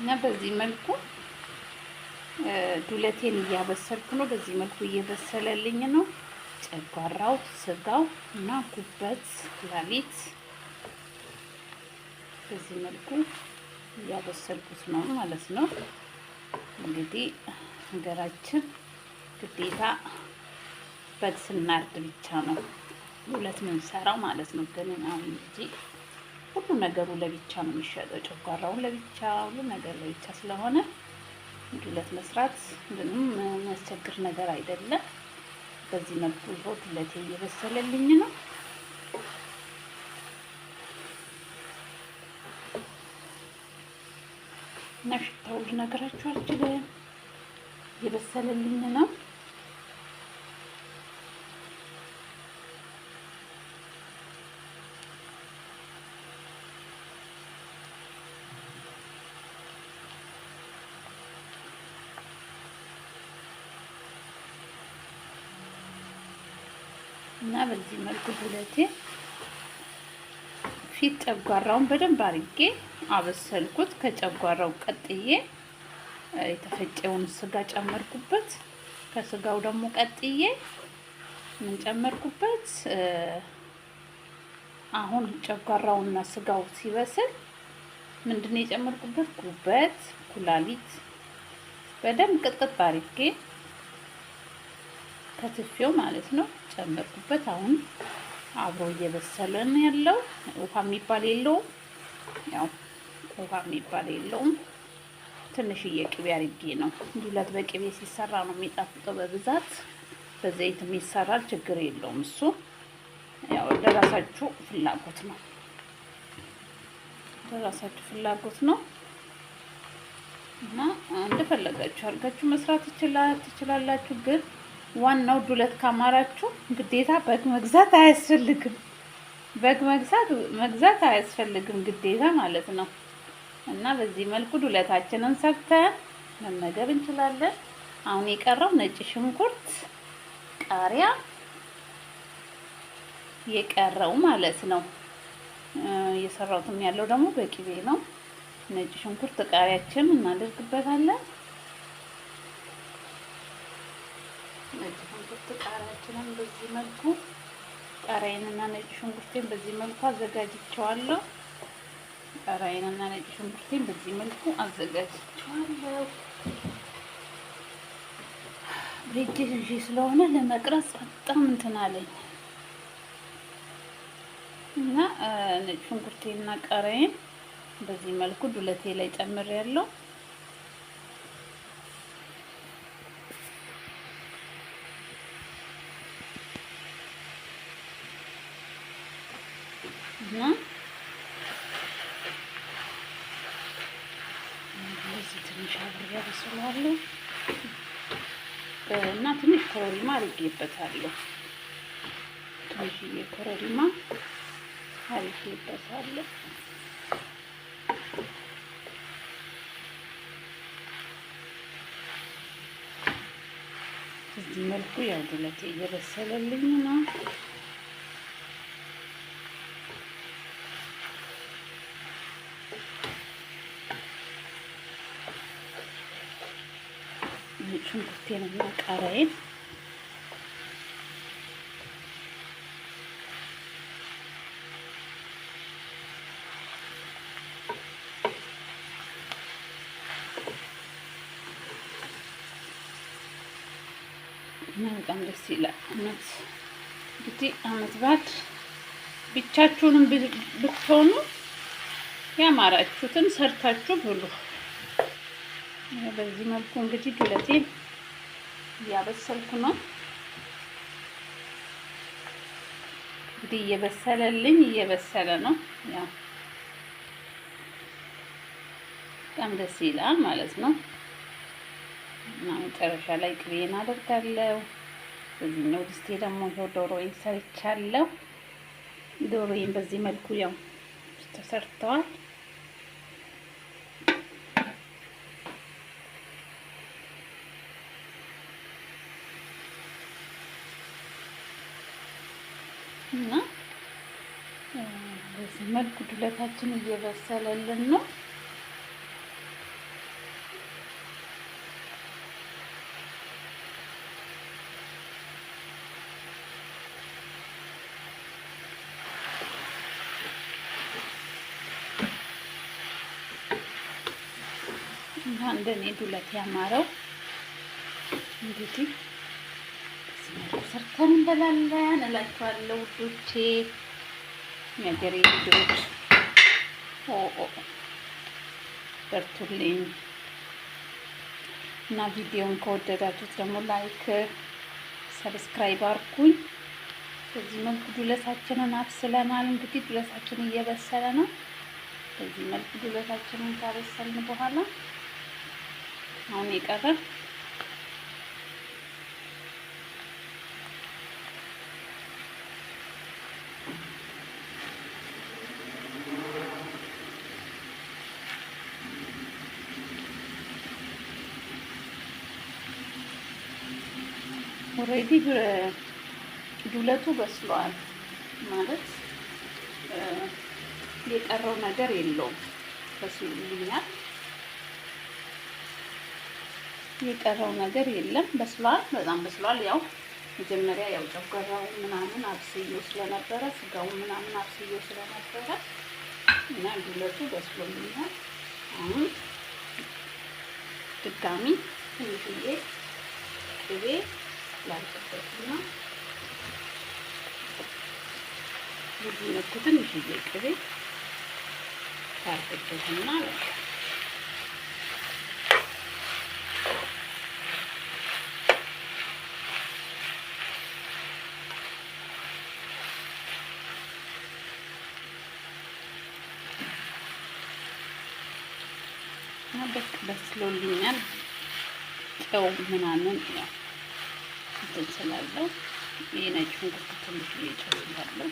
እና በዚህ መልኩ ዱለቴን እያበሰልኩ ነው። በዚህ መልኩ እየበሰለልኝ ነው። ጨጓራው፣ ስጋው እና ጉበት፣ ኩላሊት በዚህ መልኩ እያበሰልኩት ነው ማለት ነው። እንግዲህ ሀገራችን ግዴታ በግ ስናርድ ብቻ ነው ሁለት ምንሰራው ማለት ነው። ግን አሁን ሁሉ ነገሩ ለብቻ ነው የሚሸጠው። ጨጓራው ለብቻ፣ ሁሉ ነገር ለብቻ ስለሆነ ዱለት መስራት ምንም የሚያስቸግር ነገር አይደለም። በዚህ መልኩ ይኸው ዱለቴ እየበሰለልኝ ነው። እና ሽታው ልነግራችሁ አልችልም፣ እየበሰለልኝ ነው። እና በዚህ መልኩ ሁለቴ ፊት ጨጓራውን በደንብ አድርጌ አበሰልኩት። ከጨጓራው ቀጥዬ የተፈጨውን ስጋ ጨመርኩበት። ከስጋው ደግሞ ቀጥዬ ምን ጨመርኩበት? አሁን ጨጓራውና ስጋው ሲበስል ምንድን ነው የጨመርኩበት? ጉበት፣ ኩላሊት በደንብ ቅጥቅጥ አድርጌ ከትፌው ማለት ነው ጨመርኩበት። አሁን አብሮ እየበሰለን ያለው ውሃ የሚባል የለውም። ያው ውሃ የሚባል የለውም። ትንሽዬ ቅቤ አድርጌ ነው ዱለት። በቅቤ ሲሰራ ነው የሚጣፍጠው በብዛት። በዘይት ይሰራል፣ ችግር የለውም እሱ። ያው ለራሳችሁ ፍላጎት ነው፣ ለራሳችሁ ፍላጎት ነው እና እንደፈለጋችሁ አድርጋችሁ መስራት ትችላላችሁ ግን ዋናው ዱለት ካማራችሁ ግዴታ በግ መግዛት አያስፈልግም። በግ መግዛት መግዛት አያስፈልግም ግዴታ ማለት ነው። እና በዚህ መልኩ ዱለታችንን ሰርተን መመገብ እንችላለን። አሁን የቀረው ነጭ ሽንኩርት፣ ቃሪያ የቀረው ማለት ነው። እየሰራሁትም ያለው ደግሞ በቂቤ ነው። ነጭ ሽንኩርት ቃሪያችን እናደርግበታለን። ነጭ ሽንኩርት ቃሪያችንን በዚህ መልኩ ቃሪያዬንና ነጭ ሽንኩርቴን በዚህ መልኩ አዘጋጅቸዋለሁ። ቃሪያዬንና ነጭ ሽንኩርቴን በዚህ መልኩ አዘጋጅቸዋለሁ። በእጄ ይዤ ስለሆነ ለመቅረጽ በጣም እንትን አለኝ እና ነጭ ሽንኩርቴንና ቃሪያዬን በዚህ መልኩ ዱለቴ ላይ ጨምሬያለሁ። እና ትንሽ አብሬ አበስለዋለሁ እና ትንሽ ኮረሪማ አድርጌበታለሁ። ትንሽዬ ኮረሪማ አድርጌበታለሁ። እዚህ መልኩ ያው ዱለቴ እየበሰለልኝ ነው። ሽንኩርቴንና ቃሪያዬን እና በጣም ደስ ይላል። እውነት እንግዲህ ዓመት በዓል ብቻችሁንም ብትሆኑ ያማራችሁትን ሰርታችሁ ብሉ። በዚህ መልኩ እንግዲህ ዱለቴን እያበሰልኩ ነው። እንግዲህ እየበሰለልኝ እየበሰለ ነው። ያው በጣም ደስ ይላል ማለት ነው። እና መጨረሻ ላይ ቅቤን አደርጋለሁ። በዚህኛው ድስቴ ደግሞ ይኸው ዶሮዬን ሰርቻለሁ። ዶሮዬን በዚህ መልኩ ያው ተሰርተዋል። እና በዚህ መልኩ ዱለታችን እየበሰለልን ነው። እና እንደኔ ዱለት ያማረው እንግዲህ ሰርተን እንበላለን እላችኋለሁ ውዶቼ፣ የአገሬ ልጆች በርቱልኝ እና ቪዲዮውን ከወደዳችሁት ደግሞ ላይክ፣ ሰብስክራይብ አርጉኝ። በዚህ መልኩ ዱለታችንን አብስለናል። እንግዲህ ዱለታችን እየበሰለ ነው። በዚህ መልኩ ዱለታችንን ካበሰልን በኋላ አሁን የቀረን ኦልሬዲ ዱለቱ በስሏል ማለት የቀረው ነገር የለውም። በስሉልኛል፣ የቀረው ነገር የለም። በስሏል፣ በጣም በስሏል። ያው መጀመሪያ ያው ጨጓራው ምናምን አብስዮ ስለነበረ ስጋው ምናምን አብስዮ ስለነበረ እና ዱለቱ በስሎልኛል። አሁን ድጋሚ ትንሽዬ ቅቤ ላድርግበትና በዚህ መልኩ ትንሽዬ ቅቤ ታርግበትና በቃ በስሎልኛል ጨው ምናምን ያው እንትን ስላለው ሽንኩርት ትንሽ እየጨምራለሁ።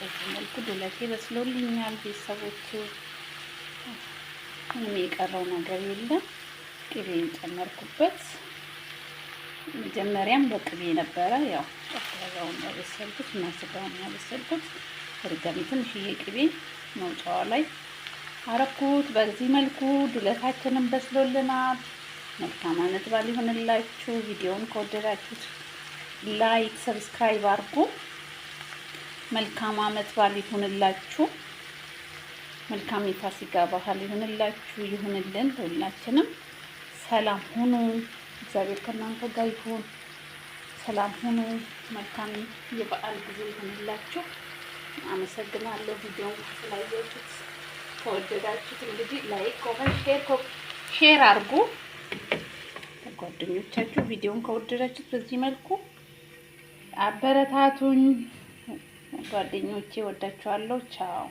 በዚህ መልኩ ዱለቴ በስሎልኛል። ቤተሰቦች ምንም የቀረው ነገር የለም። ቅቤን ጨመርኩበት መጀመሪያም በቅቤ ነበረ። ያው ጨረራውን ያበሰልኩት እና ስጋውን ያበሰልኩት ድጋሚ ትንሽዬ ቅቤ መውጫዋ ላይ አረኩት። በዚህ መልኩ ዱለታችንን በስሎልናል። መልካም ዓመት በዓል ይሆንላችሁ። ቪዲዮውን ከወደዳችሁት ላይክ፣ ሰብስክራይብ አድርጉ። መልካም ዓመት በዓል ይሁንላችሁ። መልካም የፋሲካ በዓል ይሆንላችሁ፣ ይሁንልን። ለሁላችንም ሰላም ሁኑ። እግዚአብሔር ከእናንተ ጋር ይሁን። ሰላም ሁኑ። መልካም የበዓል ጊዜ ይሁንላችሁ። አመሰግናለሁ። ቪዲዮውን ስላያችሁት ከወደዳችሁት እንግዲህ ላይክ፣ ኮመንት፣ ሼር አድርጉ። ጓደኞቻችሁ ቪዲዮን ከወደዳችሁ በዚህ መልኩ አበረታቱኝ። ጓደኞቼ ወዳችኋለሁ። ቻው